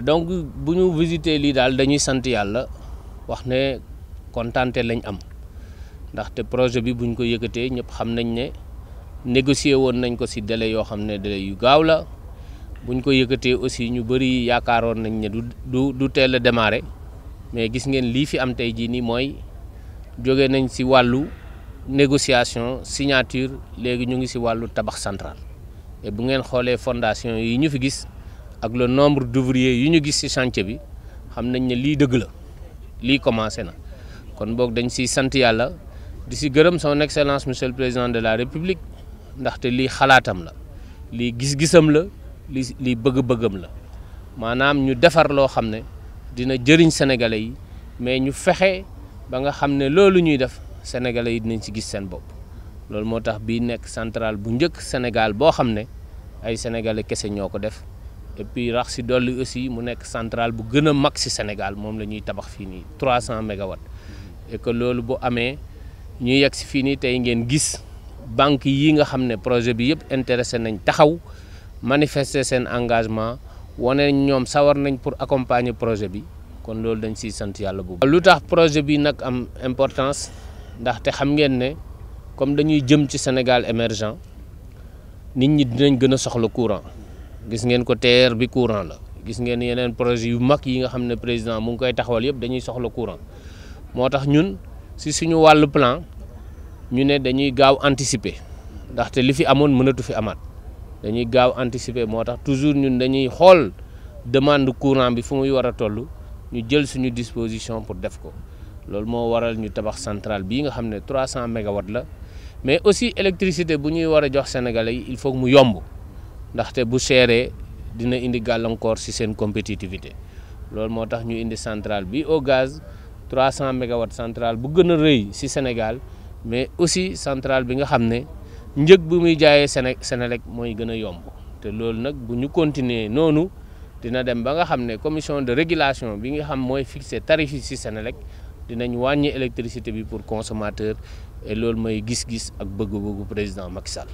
donc si nous visité l'île nous sant yàlla wax Le ce lañ am projet bi buñ ko été xam nañ avons négocier avons nañ ko ci délai Nous avons délai yu nous buñ ko avons aussi ñu bëri yaakaaroon nañ démarrer mais gis Nous avons fi am de négociation signature léegi ñu ngi ci vous tabax central et fondation fi ak le nombre d'ouvriers yu ñu gis ci chantier bi xam nañ ne lii dëgg la lii commencé na kon boog dañ ciy sant yàlla di ci gërëm son excellence monsieur le président de la république ndaxte lii xalaatam la lii gis-gisam la li lii bëgg-bëggam la maanaam ñu defar loo xam dina jëriñ sénégalais yi mais ñu fexe ba nga xam ne loolu ñuy def sénégalais yi dinañ ci gis seen bopp loolu moo tax bii nekk centrale bu njëkk Sénégal boo xam ay sénégalais kese ñoo ko def et puis rax si aussi mu nek centrale bu gën a mag Sénégal moom la tabax fii 300 mégawatts et que loolu bu amé ñuy yegg si fii nii ngeen gis banque yi nga xamné projet bi yépp intéressé nañ taxaw manifester sen engagement woné ñom sawar nañ pour accompagner projet bi kon loolu dañ ci sant Yalla bu lutax projet bi nak am importance ndaxte xam ngeen né comme dañuy jëm ci Sénégal émergent nit ñi dinañ gën a soxla courant gis ngeen ko TER bi courant la gis ngeen yeneen projet yu mag yi nga xam ne président mu ngi koy taxawal yëpp dañuy soxla courant moo tax ñun si suñu wàllu plan ñu ne dañuy gaaw anticiper ndaxte li fi amoon mënatu fi amaat dañuy gaaw anticiper moo tax toujours ñun dañuy xool demande courant bi fu muy war a toll ñu jël suñu disposition pour def ko loolu moo waral ñu tabax central bii nga xam ne 300 mégawatt la mais aussi électricité bu ñuy war a jox sénégalais yi il faut mu yomb. ndaxte bu seeree dina indi gàllankoor ci seen compétitivité loolu moo tax ñu indi centrale bi ogaz gaz 300 mégawatts centrale bu gën a rëy ci Sénégal mais aussi centrale bi nga xam ne njëg bu muy jaayee Séné Sénélec mooy gën a yomb te loolu nag bu ñu continuer noonu dina dem ba nga xam ne commission de régulation bi nga xam mooy fixer tarif yi ci Sénélec dinañ wàññi électricité bi pour consommateur et loolu mooy gis-gis ak bëgg-bëggu président Macky